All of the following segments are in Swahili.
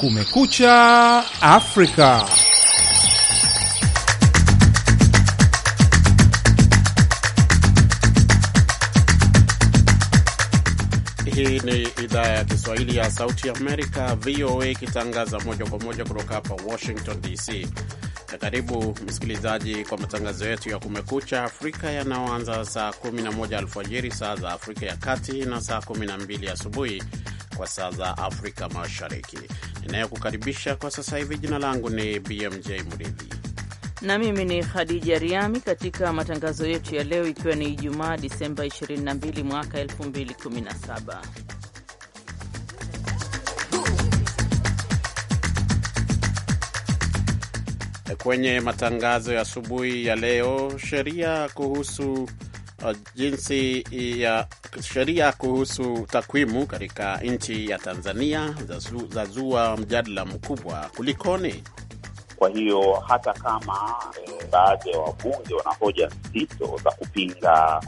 Kumekucha Afrika. Hii ni idhaa ya Kiswahili ya Sauti ya Amerika, VOA, ikitangaza moja kwa moja kutoka hapa Washington DC. Karibu msikilizaji kwa matangazo yetu ya Kumekucha Afrika yanayoanza saa 11 alfajiri saa za Afrika ya Kati na saa 12 asubuhi kwa saa za Afrika Mashariki inayokukaribisha kwa sasa hivi, jina langu ni BMJ Mridhi na mimi ni Khadija Riami katika matangazo yetu ya leo, ikiwa ni Ijumaa Disemba 22 mwaka 2017. Kwenye matangazo ya asubuhi ya leo, sheria kuhusu Uh, jinsi ya sheria kuhusu takwimu katika nchi ya Tanzania za zua mjadala mkubwa. Kulikoni? Kwa hiyo hata kama eh, baadhi ya wabunge wana hoja nzito za kupinga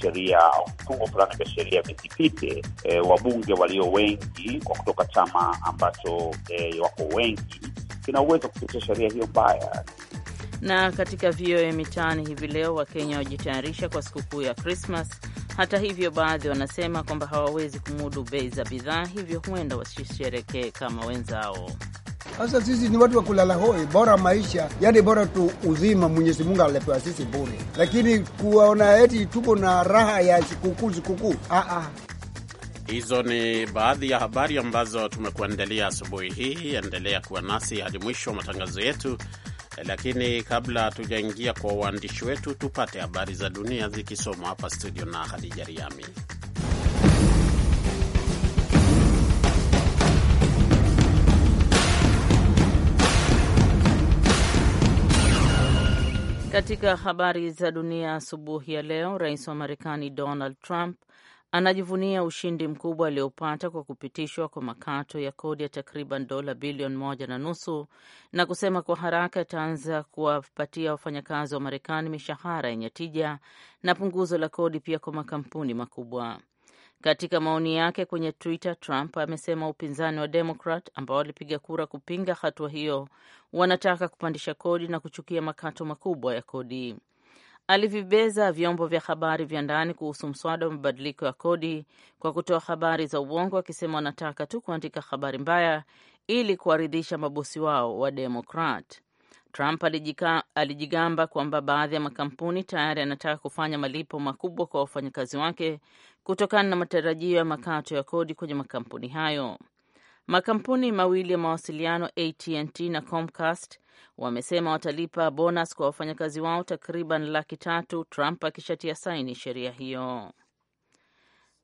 sheria au vifungo fulani vya sheria visipite, eh, wabunge walio wengi kwa kutoka chama ambacho eh, wako wengi kina uwezo kupitia sheria hiyo mbaya. Na katika VOA Mitaani hivi leo, Wakenya wajitayarisha kwa sikukuu ya Krismas. Hata hivyo, baadhi wanasema kwamba hawawezi kumudu bei za bidhaa, hivyo huenda wasisherekee kama wenzao. Sasa sisi ni watu wa kulala hoi, bora maisha yani, bora tu uzima Mwenyezi Mungu alipewa sisi bure, lakini kuwaona eti tuko na raha ya sikukuu sikukuu. Hizo ni baadhi ya habari ambazo tumekuandalia asubuhi hii. Endelea kuwa nasi hadi mwisho wa matangazo yetu lakini kabla hatujaingia kwa uandishi wetu, tupate habari za dunia zikisomwa hapa studio na hadija Riami. Katika habari za dunia asubuhi ya leo, rais wa Marekani Donald Trump anajivunia ushindi mkubwa aliopata kwa kupitishwa kwa makato ya kodi ya takriban dola bilioni moja na nusu na kusema kwa haraka itaanza kuwapatia wafanyakazi wa Marekani mishahara yenye tija na punguzo la kodi pia kwa makampuni makubwa. Katika maoni yake kwenye Twitter, Trump amesema upinzani wa Demokrat ambao walipiga kura kupinga hatua hiyo wanataka kupandisha kodi na kuchukia makato makubwa ya kodi alivibeza vyombo vya habari vya ndani kuhusu mswada wa mabadiliko ya kodi kwa kutoa habari za uongo, akisema wanataka tu kuandika habari mbaya ili kuwaridhisha mabosi wao wa Demokrat. Trump alijigamba kwamba baadhi ya makampuni tayari yanataka kufanya malipo makubwa kwa wafanyakazi wake kutokana na matarajio ya makato ya kodi kwenye makampuni hayo. Makampuni mawili ya mawasiliano AT&T na Comcast wamesema watalipa bonus kwa wafanyakazi wao takriban laki tatu Trump akishatia saini sheria hiyo.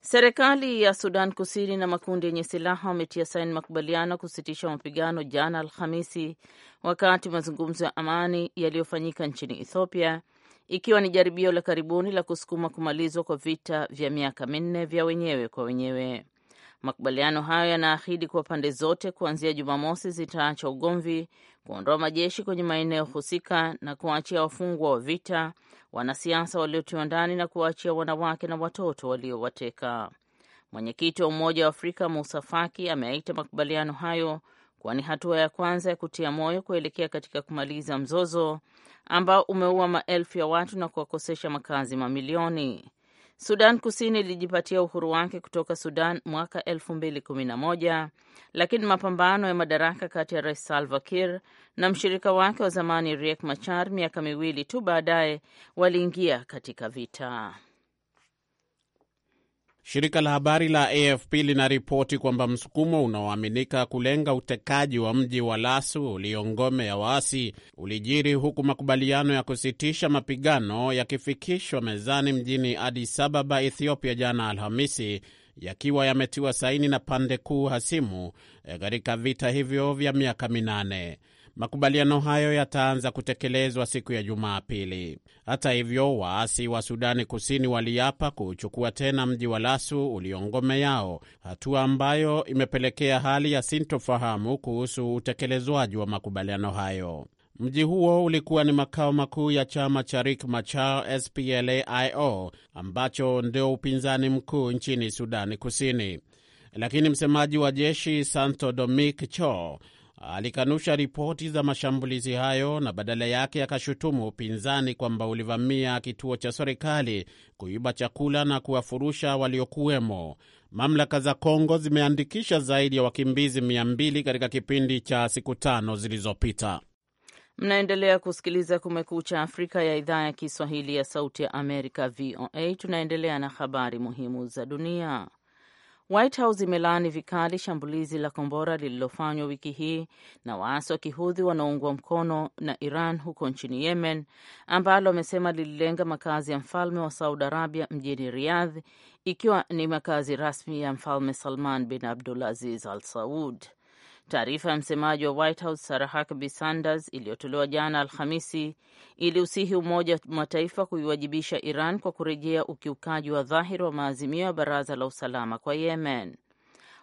Serikali ya Sudan Kusini na makundi yenye silaha wametia saini makubaliano kusitisha mapigano jana Alhamisi, wakati mazungumzo ya amani yaliyofanyika nchini Ethiopia, ikiwa ni jaribio la karibuni la kusukuma kumalizwa kwa vita vya miaka minne vya wenyewe kwa wenyewe. Makubaliano hayo yanaahidi kuwa pande zote kuanzia Jumamosi zitaacha ugomvi, kuondoa majeshi kwenye maeneo husika na kuwaachia wafungwa wa vita, wanasiasa waliotiwa ndani na kuwaachia wanawake na watoto waliowateka. Mwenyekiti wa Umoja wa Afrika Musa Faki ameaita makubaliano hayo kuwa ni hatua ya kwanza ya kutia moyo kuelekea katika kumaliza mzozo ambao umeua maelfu ya watu na kuwakosesha makazi mamilioni. Sudan Kusini ilijipatia uhuru wake kutoka Sudan mwaka 2011 lakini mapambano ya madaraka kati ya Rais Salva Kiir na mshirika wake wa zamani Riek Machar miaka miwili tu baadaye waliingia katika vita. Shirika la habari la AFP linaripoti kwamba msukumo unaoaminika kulenga utekaji wa mji wa Lasu ulio ngome ya waasi ulijiri huku makubaliano ya kusitisha mapigano yakifikishwa mezani mjini Addis Ababa, Ethiopia, jana Alhamisi, yakiwa yametiwa saini na pande kuu hasimu eh, katika vita hivyo vya miaka minane. Makubaliano hayo yataanza kutekelezwa siku ya Jumapili. Hata hivyo, waasi wa Sudani Kusini waliapa kuchukua tena mji wa Lasu ulio ngome yao, hatua ambayo imepelekea hali ya sintofahamu kuhusu utekelezwaji wa makubaliano hayo. Mji huo ulikuwa ni makao makuu ya chama cha Riek Machar SPLA-IO ambacho ndio upinzani mkuu nchini Sudani Kusini, lakini msemaji wa jeshi Santo Domik Cho alikanusha ripoti za mashambulizi hayo na badala yake akashutumu upinzani kwamba ulivamia kituo cha serikali kuiba chakula na kuwafurusha waliokuwemo. Mamlaka za Kongo zimeandikisha zaidi ya wakimbizi mia katika kipindi cha siku tano zilizopita. Mnaendelea kusikiliza Kumekucha Afrika ya idhaa ya Kiswahili ya Sauti ya Amerika, VOA. Tunaendelea na habari muhimu za dunia. White House imelaani vikali shambulizi la kombora lililofanywa wiki hii na waasi wa kihudhi wanaoungwa mkono na Iran huko nchini Yemen, ambalo wamesema lililenga makazi ya mfalme wa Saudi Arabia mjini Riyadh, ikiwa ni makazi rasmi ya Mfalme Salman bin Abdulaziz Al Saud. Taarifa ya msemaji wa White House Sarah Huckabee Sanders iliyotolewa jana Alhamisi iliusihi Umoja wa Mataifa kuiwajibisha Iran kwa kurejea ukiukaji wa dhahiri wa maazimio ya Baraza la Usalama kwa Yemen.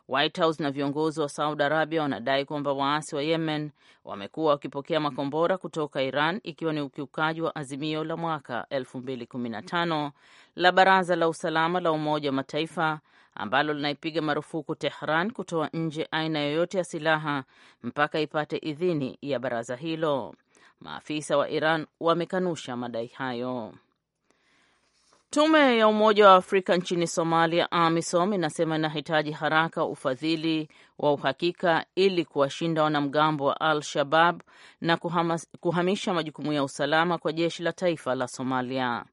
White House na viongozi wa Saudi Arabia wanadai kwamba waasi wa Yemen wamekuwa wakipokea makombora kutoka Iran ikiwa ni ukiukaji wa azimio la mwaka 2015 la Baraza la Usalama la Umoja wa Mataifa ambalo linaipiga marufuku Tehran kutoa nje aina yoyote ya silaha mpaka ipate idhini ya baraza hilo. Maafisa wa Iran wamekanusha madai hayo. Tume ya Umoja wa Afrika nchini Somalia, AMISOM, inasema inahitaji haraka ufadhili wa uhakika ili kuwashinda wanamgambo wa Al Shabab na kuhamisha majukumu ya usalama kwa jeshi la taifa la Somalia.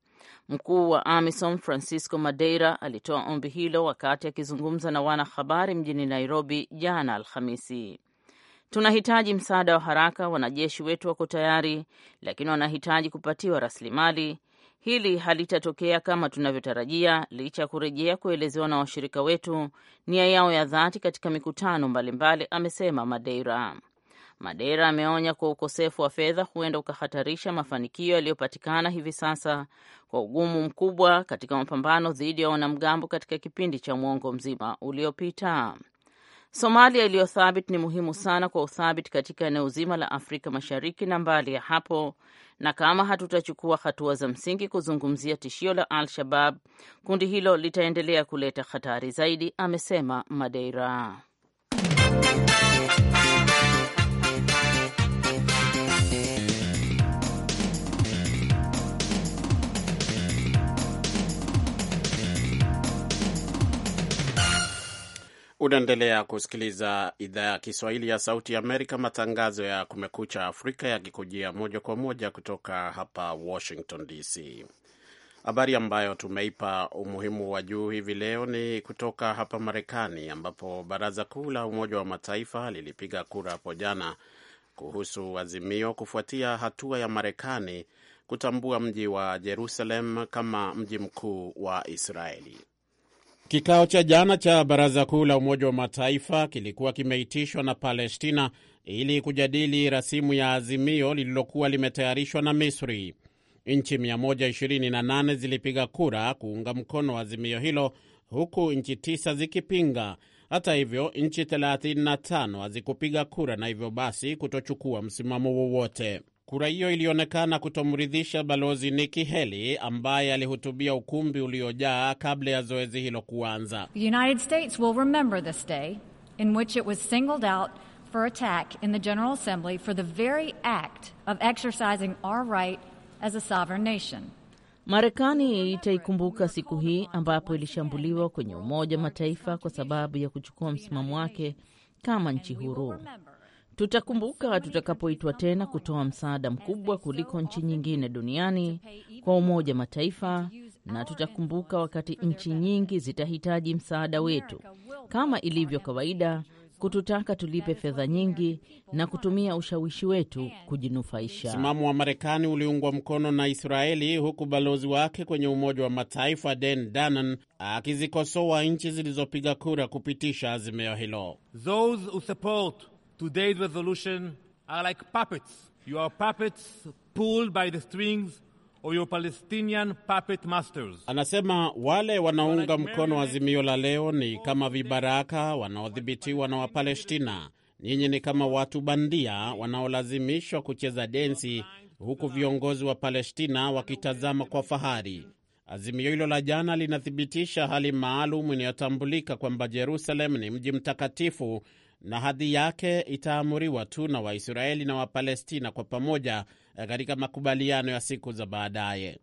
Mkuu wa AMISOM Francisco Madeira alitoa ombi hilo wakati akizungumza na wanahabari mjini Nairobi jana Alhamisi. Tunahitaji msaada wa haraka, wanajeshi wetu wako tayari, lakini wanahitaji kupatiwa rasilimali. Hili halitatokea kama tunavyotarajia, licha ya kurejea kuelezewa na washirika wetu nia yao ya dhati katika mikutano mbalimbali, amesema Madeira. Madera ameonya kuwa ukosefu wa fedha huenda ukahatarisha mafanikio yaliyopatikana hivi sasa kwa ugumu mkubwa katika mapambano dhidi ya wanamgambo katika kipindi cha mwongo mzima uliopita. Somalia iliyo thabiti ni muhimu sana kwa uthabiti katika eneo zima la Afrika Mashariki na mbali ya hapo, na kama hatutachukua hatua za msingi kuzungumzia tishio la Al-Shabab, kundi hilo litaendelea kuleta hatari zaidi, amesema Madeira. Unaendelea kusikiliza idhaa ya Kiswahili ya Sauti ya Amerika, matangazo ya Kumekucha Afrika yakikujia moja kwa moja kutoka hapa Washington DC. Habari ambayo tumeipa umuhimu wa juu hivi leo ni kutoka hapa Marekani, ambapo Baraza Kuu la Umoja wa Mataifa lilipiga kura hapo jana kuhusu azimio kufuatia hatua ya Marekani kutambua mji wa Jerusalem kama mji mkuu wa Israeli. Kikao cha jana cha Baraza Kuu la Umoja wa Mataifa kilikuwa kimeitishwa na Palestina ili kujadili rasimu ya azimio lililokuwa limetayarishwa na Misri. Nchi 128 zilipiga kura kuunga mkono azimio hilo huku nchi tisa zikipinga. Hata hivyo, nchi 35 hazikupiga kura na hivyo basi kutochukua msimamo wowote. Kura hiyo ilionekana kutomridhisha balozi Nikki Haley ambaye alihutubia ukumbi uliojaa kabla ya zoezi hilo kuanza. The United States will remember this day in which it was singled out for attack in the General Assembly for the very act of exercising our right as a sovereign nation. Marekani itaikumbuka siku hii ambapo ilishambuliwa kwenye Umoja wa Mataifa kwa sababu ya kuchukua msimamo wake kama nchi huru. Tutakumbuka tutakapoitwa tena kutoa msaada mkubwa kuliko nchi nyingine duniani kwa Umoja Mataifa, na tutakumbuka wakati nchi nyingi zitahitaji msaada wetu, kama ilivyo kawaida, kututaka tulipe fedha nyingi na kutumia ushawishi wetu kujinufaisha. Msimamo wa Marekani uliungwa mkono na Israeli, huku balozi wake kwenye Umoja wa Mataifa Dan Danan akizikosoa nchi zilizopiga kura kupitisha azimio hilo. Those who support Today's resolution are like puppets. You are puppets pulled by the strings of your Palestinian puppet masters. Anasema wale wanaunga mkono azimio la leo ni kama vibaraka wanaodhibitiwa na Wapalestina. Nyinyi ni kama watu bandia wanaolazimishwa kucheza densi huku viongozi wa Palestina wakitazama kwa fahari. Azimio hilo la jana linathibitisha hali maalum inayotambulika kwamba Jerusalem ni mji mtakatifu na hadhi yake itaamuriwa tu na Waisraeli na Wapalestina kwa pamoja eh, katika makubaliano ya siku za baadaye.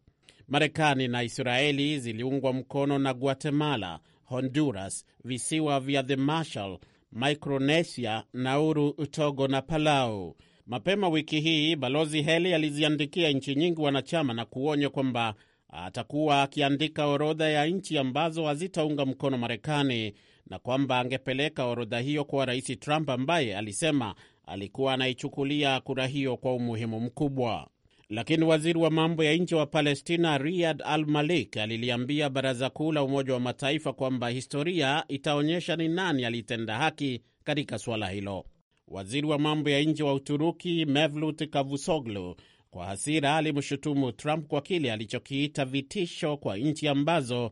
Marekani na Israeli ziliungwa mkono na Guatemala, Honduras, visiwa vya the Marshall, Micronesia, Nauru, Togo na Palau. Mapema wiki hii Balozi Heli aliziandikia nchi nyingi wanachama na kuonya kwamba atakuwa akiandika orodha ya nchi ambazo hazitaunga mkono Marekani na kwamba angepeleka orodha hiyo kwa Rais Trump ambaye alisema alikuwa anaichukulia kura hiyo kwa umuhimu mkubwa. Lakini waziri wa mambo ya nje wa Palestina Riyad Al Malik aliliambia baraza kuu la Umoja wa Mataifa kwamba historia itaonyesha ni nani alitenda haki katika suala hilo. Waziri wa mambo ya nje wa Uturuki Mevlut Kavusoglu kwa hasira alimshutumu Trump kwa kile alichokiita vitisho kwa nchi ambazo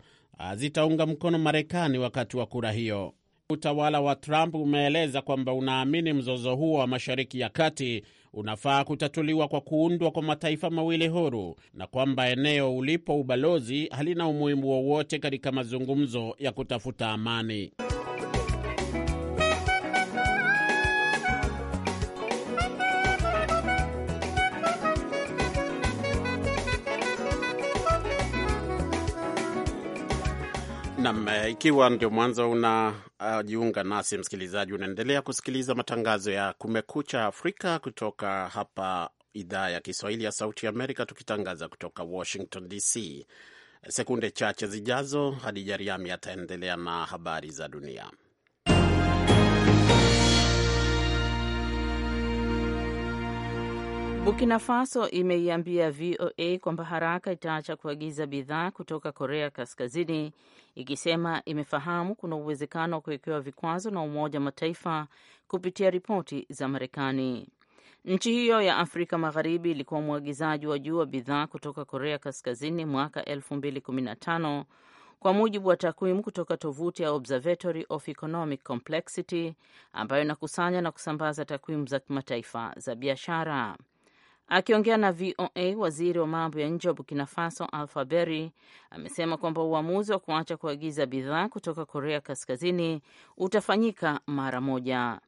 zitaunga mkono Marekani wakati wa kura hiyo. Utawala wa Trump umeeleza kwamba unaamini mzozo huo wa Mashariki ya Kati unafaa kutatuliwa kwa kuundwa kwa mataifa mawili huru na kwamba eneo ulipo ubalozi halina umuhimu wowote katika mazungumzo ya kutafuta amani. Nam, eh, ikiwa ndio mwanzo unajiunga uh, nasi msikilizaji, unaendelea kusikiliza matangazo ya Kumekucha Afrika kutoka hapa idhaa ya Kiswahili ya Sauti Amerika, tukitangaza kutoka Washington DC. Sekunde chache zijazo, Hadija Riami ataendelea na habari za dunia. Burkina Faso imeiambia VOA kwamba haraka itaacha kuagiza bidhaa kutoka Korea Kaskazini, ikisema imefahamu kuna uwezekano wa kuwekewa vikwazo na Umoja wa Mataifa kupitia ripoti za Marekani. Nchi hiyo ya Afrika Magharibi ilikuwa mwagizaji wa juu wa bidhaa kutoka Korea Kaskazini mwaka 2015 kwa mujibu wa takwimu kutoka tovuti ya Observatory of Economic Complexity ambayo inakusanya na kusambaza takwimu za kimataifa za biashara. Akiongea na VOA, waziri wa mambo ya nje wa Burkina Faso Alpha Berry amesema kwamba uamuzi wa kuacha kuagiza bidhaa kutoka Korea Kaskazini utafanyika mara moja.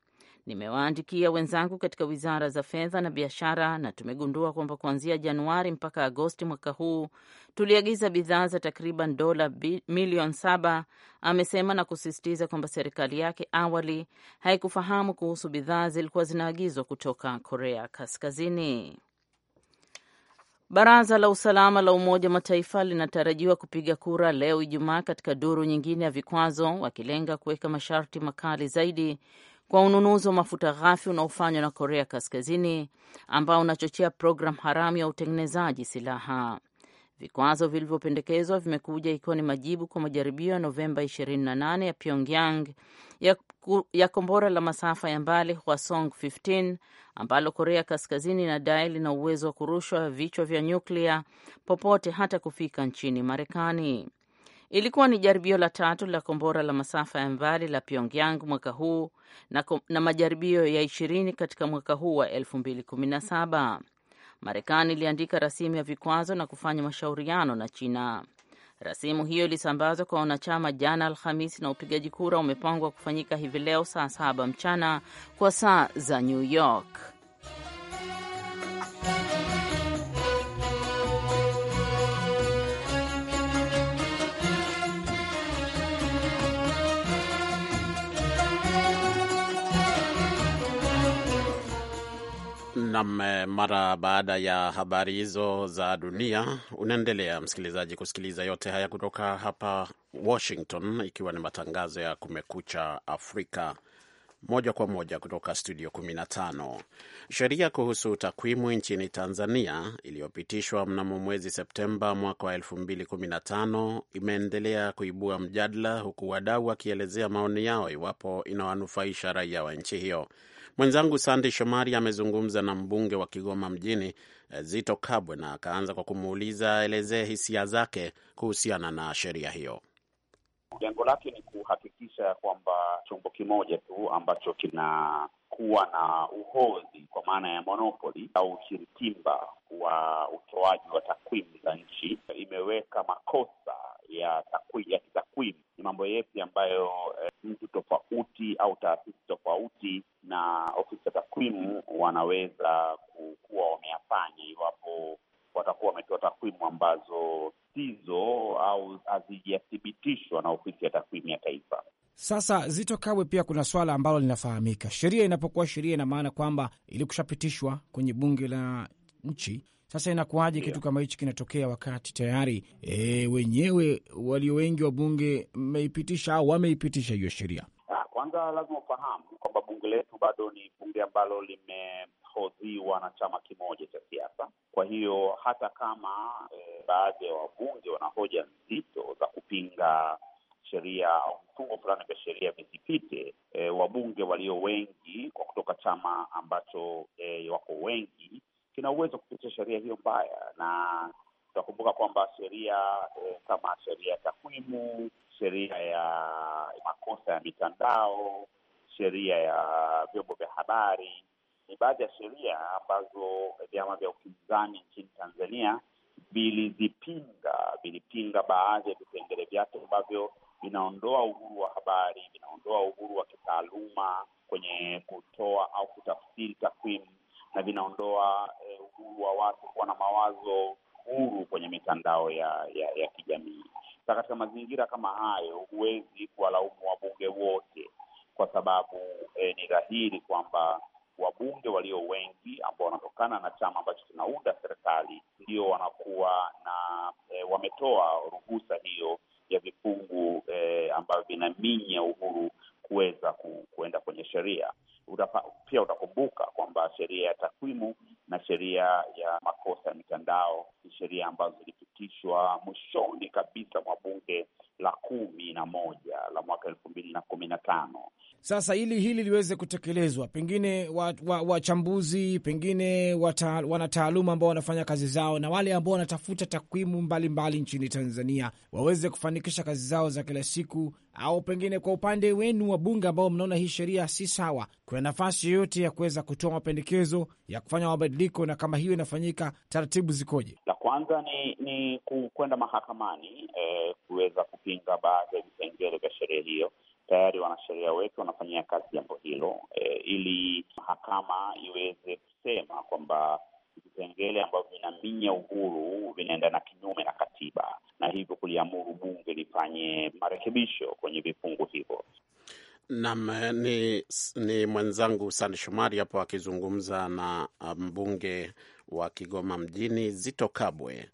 Nimewaandikia wenzangu katika wizara za fedha na biashara na tumegundua kwamba kuanzia Januari mpaka Agosti mwaka huu tuliagiza bidhaa za takriban dola milioni saba, amesema na kusisitiza kwamba serikali yake awali haikufahamu kuhusu bidhaa zilikuwa zinaagizwa kutoka Korea Kaskazini. Baraza la usalama la Umoja wa Mataifa linatarajiwa kupiga kura leo Ijumaa katika duru nyingine ya vikwazo, wakilenga kuweka masharti makali zaidi kwa ununuzi wa mafuta ghafi unaofanywa na Korea Kaskazini, ambao unachochea programu haramu ya utengenezaji silaha. Vikwazo vilivyopendekezwa vimekuja ikiwa ni majibu kwa majaribio ya Novemba 28 ya Pyongyang ya, ya kombora la masafa ya mbali Hwasong 15 ambalo Korea Kaskazini inadai lina uwezo wa kurushwa vichwa vya nyuklia popote hata kufika nchini Marekani. Ilikuwa ni jaribio la tatu la kombora la masafa ya mbali la Pyongyang mwaka huu na, na majaribio ya ishirini katika mwaka huu wa saba. Marekani iliandika rasimu ya vikwazo na kufanya mashauriano na China. Rasimu hiyo ilisambazwa kwa wanachama jana Alhamisi, na upigaji kura umepangwa kufanyika hivi leo saa saba mchana kwa saa za New York. Nam, eh, mara baada ya habari hizo za dunia, unaendelea msikilizaji kusikiliza yote haya kutoka hapa Washington, ikiwa ni matangazo ya Kumekucha Afrika moja kwa moja kutoka studio 15. Sheria kuhusu takwimu nchini Tanzania iliyopitishwa mnamo mwezi Septemba mwaka wa 2015 imeendelea kuibua mjadala, huku wadau wakielezea maoni yao iwapo inawanufaisha raia wa nchi hiyo. Mwenzangu Sandi Shomari amezungumza na mbunge wa Kigoma Mjini, eh, Zito Kabwe, na akaanza kwa kumuuliza aelezee hisia zake kuhusiana na sheria hiyo. Lengo lake ni kuhakikisha ya kwamba chombo kimoja tu ambacho kinakuwa na uhodhi kwa maana ya monopoli au ushirikimba wa utoaji wa takwimu za nchi imeweka makosa ya takwimu ya kitakwimu ni mambo yepi ambayo e, mtu tofauti au taasisi tofauti na ofisi ya takwimu wanaweza kuwa wameyafanya iwapo watakuwa wametoa takwimu ambazo sizo au hazijathibitishwa na ofisi ya takwimu ya taifa. Sasa Zito Kabwe, pia kuna swala ambalo linafahamika, sheria inapokuwa sheria, ina maana kwamba ilikushapitishwa kwenye bunge la nchi. Sasa inakuwaje yeah, kitu kama hichi kinatokea wakati tayari e, wenyewe walio wengi wa bunge mmeipitisha au wameipitisha hiyo sheria? Ah, kwanza lazima ufahamu bunge letu bado ni bunge ambalo limehodhiwa na chama kimoja cha siasa. Kwa hiyo hata kama e, baadhi ya wabunge wana hoja nzito za kupinga sheria au vifungo fulani vya sheria visipite, e, wabunge walio wengi kwa kutoka chama ambacho e, wako wengi kina uwezo kupitisha sheria hiyo mbaya, na tutakumbuka kwamba sheria e, kama sheria ya takwimu, sheria ya makosa ya mitandao sheria ya vyombo vya habari, ni baadhi ya sheria ambazo vyama vya upinzani nchini Tanzania vilizipinga, vilipinga baadhi ya vipengele vyake ambavyo vinaondoa uhuru wa habari, vinaondoa uhuru wa kitaaluma kwenye kutoa au kutafsiri takwimu, na vinaondoa eh, uhuru wa watu kuwa na mawazo huru kwenye mitandao ya, ya, ya kijamii. Sa katika mazingira kama hayo, huwezi kuwalaumu wabunge wote kwa sababu e, ni dhahiri kwamba wabunge walio wengi ambao wanatokana na chama ambacho kinaunda serikali ndio wanakuwa na e, wametoa ruhusa hiyo ya vifungu e, ambavyo vinaminya uhuru kuweza ku, kuenda kwenye sheria. Utapa, pia utakumbuka kwamba sheria ya takwimu na sheria ya makosa ya mitandao ni sheria ambazo zilipitishwa mwishoni kabisa mwa bunge la kumi na moja la mwaka elfu mbili na kumi na tano sasa ili hili liweze kutekelezwa, pengine wachambuzi wa, wa pengine wanataaluma ambao wanafanya kazi zao na wale ambao wanatafuta takwimu mbalimbali nchini Tanzania waweze kufanikisha kazi zao za kila siku, au pengine kwa upande wenu wa bunge ambao mnaona hii sheria si sawa, kuna nafasi yoyote ya kuweza kutoa mapendekezo ya kufanya mabadiliko? Na kama hiyo inafanyika, taratibu zikoje? La kwanza ni, ni kwenda mahakamani eh, kuweza kupinga baadhi ya vipengele vya sheria hiyo tayari wanasheria wetu wanafanyia kazi jambo hilo e, ili mahakama iweze kusema kwamba vipengele ambavyo vinaminya uhuru vinaendana kinyume na katiba, na hivyo kuliamuru bunge lifanye marekebisho kwenye vifungu hivyo. nam ni, ni mwenzangu Sande Shomari hapo akizungumza na um, mbunge wa Kigoma mjini Zito Kabwe.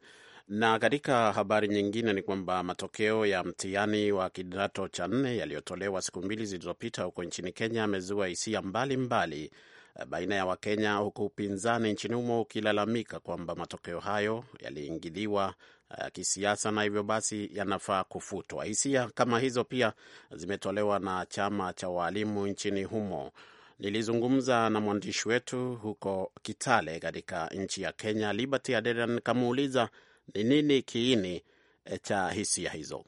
Na katika habari nyingine ni kwamba matokeo ya mtihani wa kidato cha nne yaliyotolewa siku mbili zilizopita huko nchini Kenya yamezua hisia mbalimbali eh, baina ya Wakenya, huku upinzani nchini humo ukilalamika kwamba matokeo hayo yaliingiliwa uh, kisiasa na hivyo basi yanafaa kufutwa. Hisia kama hizo pia zimetolewa na chama cha waalimu nchini humo. Nilizungumza na mwandishi wetu huko Kitale katika nchi ya Kenya, Liberty Adedan, kamuuliza ni nini kiini e, cha hisia hizo?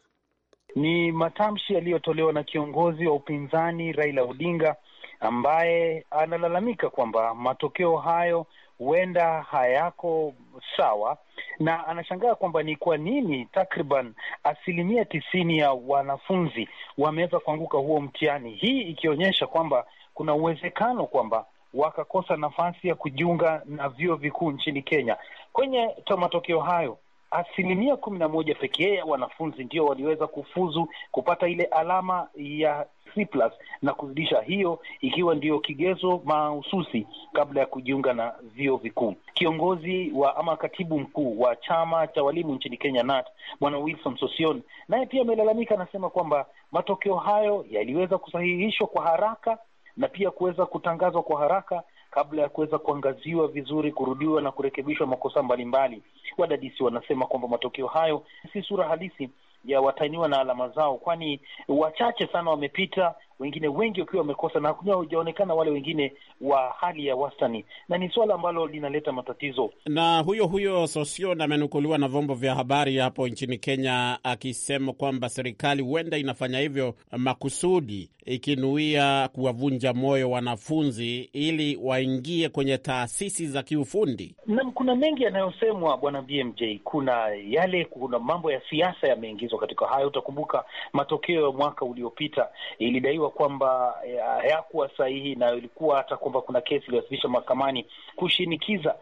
Ni matamshi yaliyotolewa na kiongozi wa upinzani Raila Odinga ambaye analalamika kwamba matokeo hayo huenda hayako sawa, na anashangaa kwamba ni kwa nini takriban asilimia tisini ya wanafunzi wameweza kuanguka huo mtihani, hii ikionyesha kwamba kuna uwezekano kwamba wakakosa nafasi ya kujiunga na vyuo vikuu nchini Kenya. Kwenye matokeo hayo asilimia kumi na moja pekee ya wanafunzi ndio waliweza kufuzu kupata ile alama ya C plus na kuzidisha, hiyo ikiwa ndiyo kigezo mahususi kabla ya kujiunga na vyuo vikuu. Kiongozi wa ama katibu mkuu wa chama cha walimu nchini Kenya NAT, Bwana Wilson Sosion, naye pia amelalamika, anasema kwamba matokeo hayo yaliweza kusahihishwa kwa haraka na pia kuweza kutangazwa kwa haraka kabla ya kuweza kuangaziwa vizuri, kurudiwa na kurekebishwa makosa mbalimbali. Wadadisi wanasema kwamba matokeo hayo si sura halisi ya watainiwa na alama zao, kwani wachache sana wamepita wengine wengi wakiwa wamekosa, na hakuna hujaonekana wale wengine wa hali ya wastani, na ni swala ambalo linaleta matatizo. Na huyo huyo Sosion amenukuliwa na vyombo vya habari hapo nchini Kenya akisema kwamba serikali huenda inafanya hivyo makusudi, ikinuia kuwavunja moyo wanafunzi ili waingie kwenye taasisi za kiufundi. Naam, kuna mengi yanayosemwa bwana BMJ, kuna yale, kuna mambo ya siasa yameingizwa katika hayo. Utakumbuka matokeo ya mwaka uliopita ilidaiwa yalidaiwa kwamba eh, hayakuwa sahihi na ilikuwa hata kwamba kuna kesi iliyowasilishwa mahakamani kushinikiza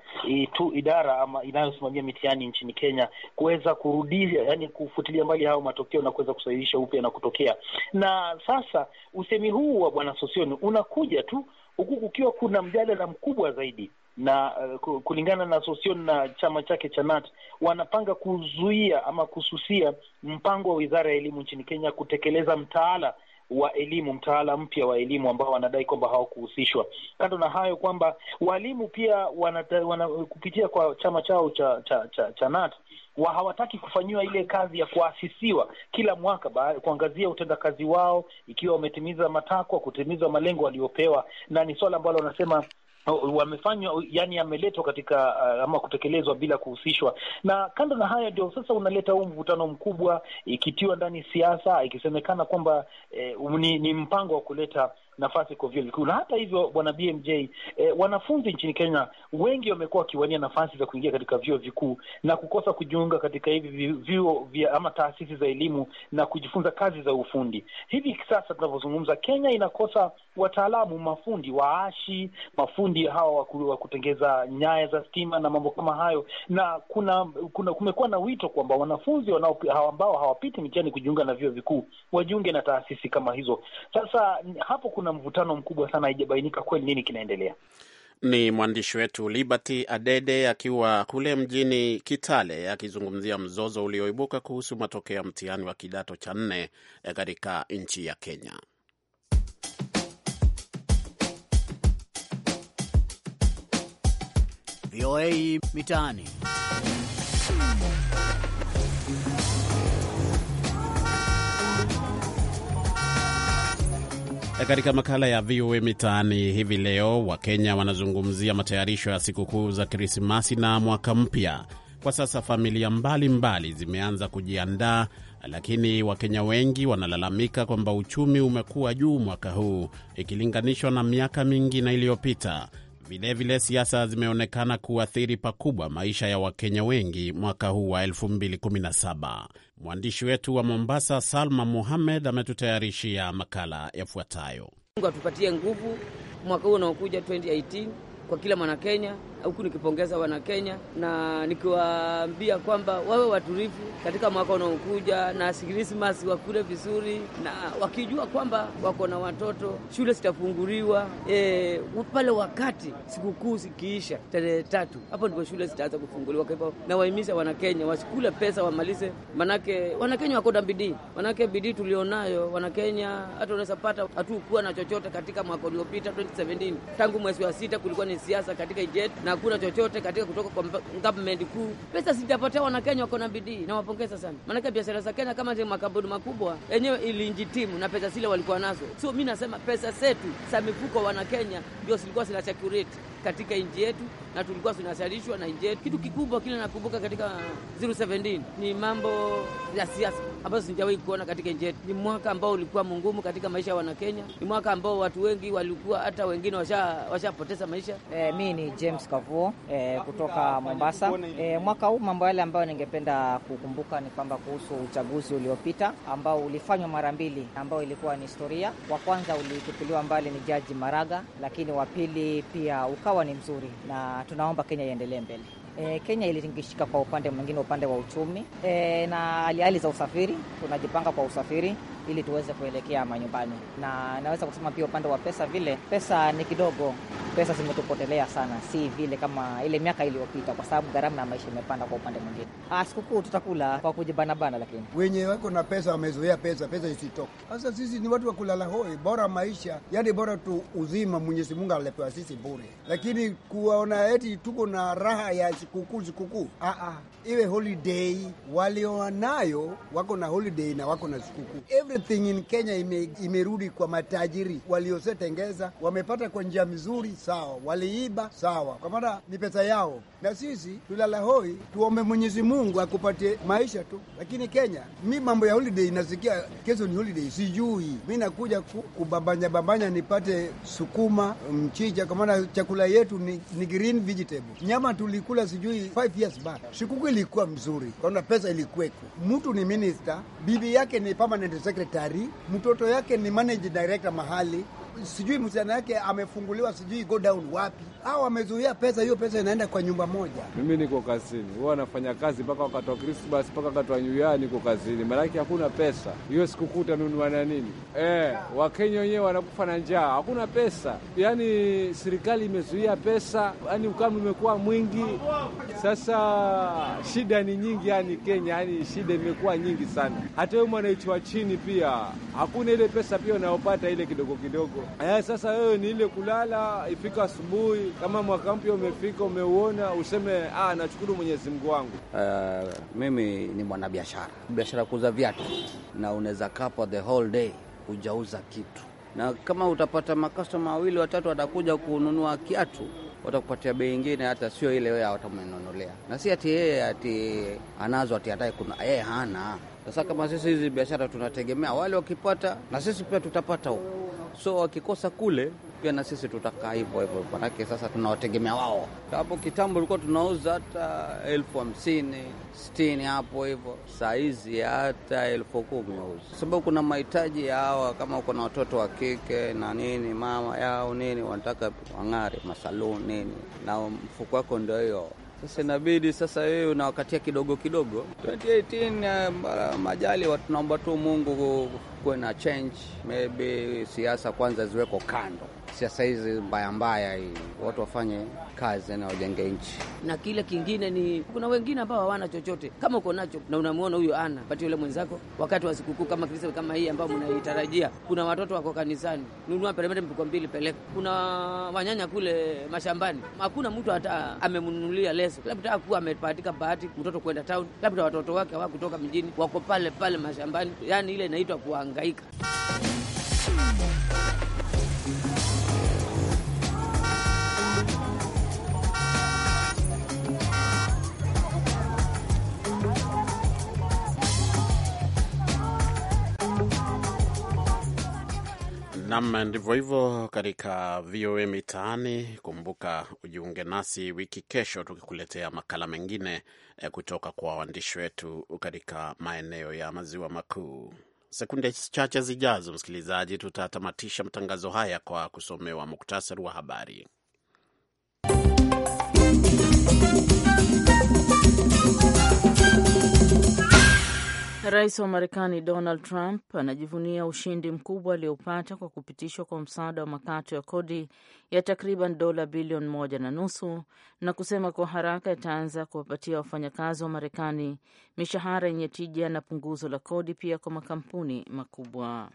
tu idara ama inayosimamia mitihani nchini Kenya kuweza kurudia, yani kufutilia mbali hayo matokeo na kuweza kusahihisha upya na kutokea. Na sasa usemi huu wa Bwana Sosioni unakuja tu huku kukiwa kuna mjadala mkubwa zaidi na uh, kulingana na Sosion na chama chake cha NAT wanapanga kuzuia ama kususia mpango wa wizara ya elimu nchini Kenya kutekeleza mtaala wa elimu, mtaala mpya wa elimu ambao wanadai kwamba hawakuhusishwa. Kando na hayo, kwamba walimu pia wanata, wana, kupitia kwa chama chao cha cha, cha, cha NAT wa hawataki kufanyiwa ile kazi ya kuasisiwa kila mwaka ba, kuangazia utendakazi wao, ikiwa wametimiza matakwa, kutimiza malengo waliopewa, na ni swala ambalo wanasema wamefanywa yani, yameletwa katika uh, ama kutekelezwa bila kuhusishwa. Na kando na haya, ndio sasa unaleta huu mvutano mkubwa, ikitiwa ndani siasa, ikisemekana kwamba eh, ni, ni mpango wa kuleta nafasi kwa vyuo vikuu. Na hata hivyo, bwana BMJ, eh, wanafunzi nchini Kenya wengi wamekuwa wakiwania nafasi za kuingia katika vyuo vikuu na kukosa kujiunga katika hivi vyuo vya ama taasisi za elimu na kujifunza kazi za ufundi. Hivi sasa tunavyozungumza, Kenya inakosa wataalamu, mafundi waashi, mafundi hawa wa kutengeza nyaya za stima na mambo kama hayo, na kuna, kuna kumekuwa na wito kwamba wanafunzi ambao hawapiti mitihani kujiunga na vyuo vikuu wajiunge na taasisi kama hizo. Sasa hapo kuna kuna mvutano mkubwa sana, haijabainika kweli nini kinaendelea. Ni mwandishi wetu Liberty Adede akiwa kule mjini Kitale akizungumzia mzozo ulioibuka kuhusu matokeo ya mtihani wa kidato cha nne eh, katika nchi ya Kenya. VOA Mitaani. E, katika makala ya VOA Mitaani hivi leo, Wakenya wanazungumzia matayarisho ya sikukuu za Krismasi na mwaka mpya. Kwa sasa familia mbalimbali mbali zimeanza kujiandaa, lakini Wakenya wengi wanalalamika kwamba uchumi umekuwa juu mwaka huu ikilinganishwa na miaka mingine iliyopita. Vilevile siasa zimeonekana kuathiri pakubwa maisha ya Wakenya wengi mwaka huu wa 2017. Mwandishi wetu wa Mombasa, Salma muhamed ametutayarishia makala yafuatayo. Mungu atupatie nguvu mwaka huu unaokuja 2018 kwa kila Mwanakenya huku nikipongeza wana Kenya na nikiwaambia kwamba wawe watulivu katika mwaka unaokuja na Krismasi wakule vizuri, na wakijua kwamba wako na watoto, shule zitafunguliwa e, pale wakati sikukuu zikiisha tarehe tatu, hapo ndipo shule zitaanza kufunguliwa. Kwa hivyo nawahimiza wanakenya wasikule pesa, wamalize, manake wanakenya wako na bidii, manake bidii tulionayo wanakenya, hata unaweza pata hatukuwa na chochote katika mwaka uliopita 2017 tangu mwezi wa sita kulikuwa ni siasa katika ijetu na hakuna chochote katika kutoka kwa government kuu. Pesa wana Wanakenya wako na bidii, nawapongeza sana, maanake biashara za Kenya kama makampuni makubwa yenyewe ilinjitimu na pesa zile walikuwa nazo. So mi nasema pesa zetu za mifuko Wanakenya ndio zilikuwa zina security katika nchi yetu na tulikuwa tunasalishwa na nje. Kitu kikubwa kile nakumbuka katika 017 ni mambo ya siasa ambazo sijawahi kuona katika nje. yetu. Ni mwaka ambao ulikuwa mgumu katika maisha ya Wanakenya, ni mwaka ambao watu wengi walikuwa hata wengine washapoteza washa maisha. E, mi ni James Kavuo e, kutoka Mombasa. E, mwaka huu mambo yale ambayo ningependa kukumbuka ni kwamba kuhusu uchaguzi uliopita ambao ulifanywa mara mbili, ambao ilikuwa ni historia. Wa kwanza ulitupiliwa mbali ni Jaji Maraga, lakini wa pili pia ukawa ni mzuri na tunaomba Kenya iendelee mbele. E, Kenya ilitingishika kwa upande mwingine, upande wa uchumi e, na hali hali za usafiri, tunajipanga kwa usafiri ili tuweze kuelekea manyumbani. Na naweza kusema pia upande wa pesa, vile pesa ni kidogo, pesa zimetupotelea sana, si vile kama ile miaka iliyopita, kwa sababu gharama ya maisha imepanda. Kwa upande mwingine, ah, sikukuu tutakula kwa kujibanabana, lakini wenye wako na pesa wamezoea pesa, pesa isitoke. Sasa sisi ni watu wa kulala hoi, bora maisha yani, bora tu uzima Mwenyezi Mungu alipewa sisi bure, lakini kuwaona eti tuko na raha ya sikukuu sikukuu, ah, ah. iwe holiday. nayo wako na holiday na wako na sikukuu everything in Kenya ime, imerudi kwa matajiri waliosetengeza wamepata kwa njia mzuri, sawa, waliiba sawa, kwa maana ni pesa yao, na sisi tulala hoi, tuombe Mwenyezi Mungu akupatie maisha tu. Lakini Kenya, mi mambo ya holiday nasikia kesho ni holiday, sijui mi nakuja kubambanya bambanya nipate sukuma mchicha, kwa maana chakula yetu ni, ni green vegetable. Nyama tulikula sijui five years back, sikukuu ilikuwa mzuri, kaona pesa ilikuweko. Mtu ni minister, bibi yake ni permanent secretary secretary, mtoto yake ni manager director mahali sijui msichana yake amefunguliwa, sijui go down wapi, au amezuia pesa. Hiyo pesa inaenda kwa nyumba moja. Mimi niko kazini, huwa anafanya kazi mpaka wakati wa Krismas, mpaka wakati wa nyuya, niko kazini, maanake hakuna pesa. Hiyo sikukuu utanunua na nini? E, Wakenya wenyewe wanakufa na njaa, hakuna pesa. Yaani serikali imezuia pesa, yaani ukame umekuwa mwingi. Sasa shida ni nyingi, yani Kenya, yani shida imekuwa nyingi sana. Hata wewe mwanaichwa wa chini pia hakuna ile pesa pia unayopata ile kidogo kidogo Eh, sasa wewe ni ile kulala ifika asubuhi, kama mwaka mpya umefika umeuona, useme ah, nashukuru Mwenyezi Mungu wangu. Uh, mimi ni mwanabiashara, biashara kuuza viatu, na unaweza kapa the whole day hujauza kitu, na kama utapata makastoma wawili watatu watakuja kununua kiatu watakupatia bei ingine hata sio ile wewe watamnonolea, na si ati yeye ati anazo ati hataye kuna yeye hana. Sasa kama sisi hizi biashara tunategemea wale wakipata, na sisi pia tutapata huko so wakikosa kule pia na sisi tutakaa hivyo hivyo, manake sasa tunawategemea wao. Hapo kitambo ulikuwa tunauza hata elfu hamsini sitini hapo hivyo, saa hizi hata elfu kumi uzi, sababu kuna mahitaji ya hawa, kama uko na watoto wa kike na nini, mama yao nini, wanataka wang'are masaluni nini, na mfuko wako ndio hiyo sasa inabidi sasa wewe unawakatia kidogo kidogo. 2018 eh, majali majali naomba tu Mungu kuwe na change, maybe siasa kwanza ziweko kando, siasa hizi mbaya mbaya hii, watu wafanye kazi na wajenge nchi. Na kile kingine ni kuna wengine ambao hawana chochote, kama uko nacho na unamwona huyo ana pati yule mwenzako, wakati wa sikukuu kama kisa kama hii ambayo mnaitarajia, kuna watoto wako kanisani, nunua peremende mpiko mbili peleka, kuna wanyanya kule mashambani, hakuna mtu hata amemnunulia pesa, labda akuwa amepatika bahati mtoto kwenda town, labda watoto wake hawakutoka mjini, wako pale pale mashambani. Yani ile inaitwa kuhangaika. Nam, ndivyo hivyo katika VOA Mitaani. Kumbuka ujiunge nasi wiki kesho, tukikuletea makala mengine eh, kutoka kwa waandishi wetu katika maeneo ya maziwa makuu. Sekunde chache zijazo, msikilizaji, tutatamatisha matangazo haya kwa kusomewa muktasari wa habari. Rais wa Marekani Donald Trump anajivunia ushindi mkubwa aliopata kwa kupitishwa kwa msaada wa makato ya kodi ya takriban dola bilioni moja na nusu na kusema kwa haraka itaanza kuwapatia wafanyakazi wa Marekani mishahara yenye tija na punguzo la kodi pia kwa makampuni makubwa.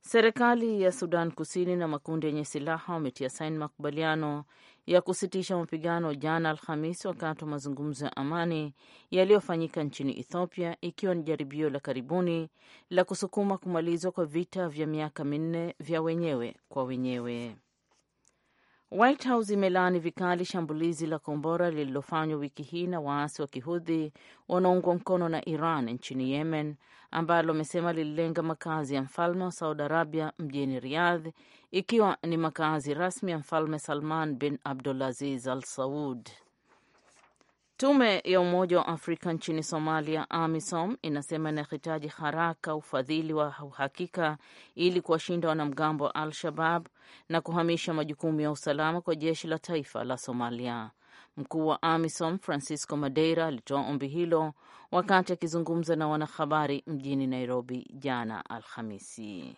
Serikali ya Sudan Kusini na makundi yenye silaha wametia saini makubaliano ya kusitisha mapigano jana Alhamisi wakati wa mazungumzo ya amani yaliyofanyika nchini Ethiopia, ikiwa ni jaribio la karibuni la kusukuma kumalizwa kwa vita vya miaka minne vya wenyewe kwa wenyewe. White House imelaani vikali shambulizi la kombora lililofanywa wiki hii na waasi wa kihudhi wanaungwa mkono na Iran nchini Yemen, ambalo amesema lililenga makazi ya mfalme wa Saudi Arabia mjini Riyadh, ikiwa ni makazi rasmi ya Mfalme Salman bin Abdulaziz Al Saud. Tume ya Umoja wa Afrika nchini Somalia, AMISOM, inasema inahitaji haraka ufadhili wa uhakika ili kuwashinda wanamgambo wa Al-Shabab na kuhamisha majukumu ya usalama kwa jeshi la taifa la Somalia. Mkuu wa AMISOM Francisco Madeira alitoa ombi hilo wakati akizungumza na wanahabari mjini Nairobi jana Alhamisi.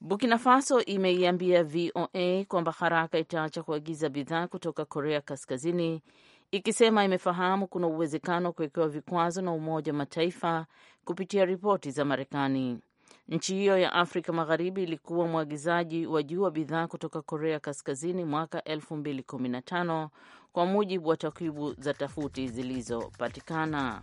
Burkina Faso imeiambia VOA kwamba haraka itaacha kuagiza bidhaa kutoka Korea Kaskazini, ikisema imefahamu kuna uwezekano wa kuwekewa vikwazo na Umoja wa Mataifa kupitia ripoti za Marekani. Nchi hiyo ya Afrika Magharibi ilikuwa mwagizaji wa juu wa bidhaa kutoka Korea Kaskazini mwaka 2015 kwa mujibu wa takwimu za tafuti zilizopatikana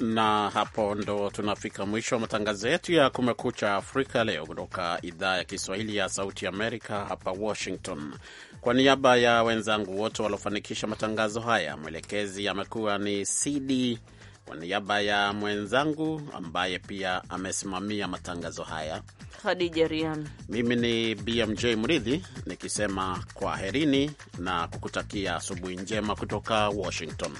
na hapo ndo tunafika mwisho wa matangazo yetu ya Kumekucha Afrika leo kutoka idhaa ya Kiswahili ya Sauti Amerika hapa Washington. Kwa niaba ya wenzangu wote waliofanikisha matangazo haya, mwelekezi amekuwa ni CD. Kwa niaba ya mwenzangu ambaye pia amesimamia matangazo haya Hadija Rian, mimi ni BMJ Mridhi nikisema kwaherini na kukutakia asubuhi njema kutoka Washington.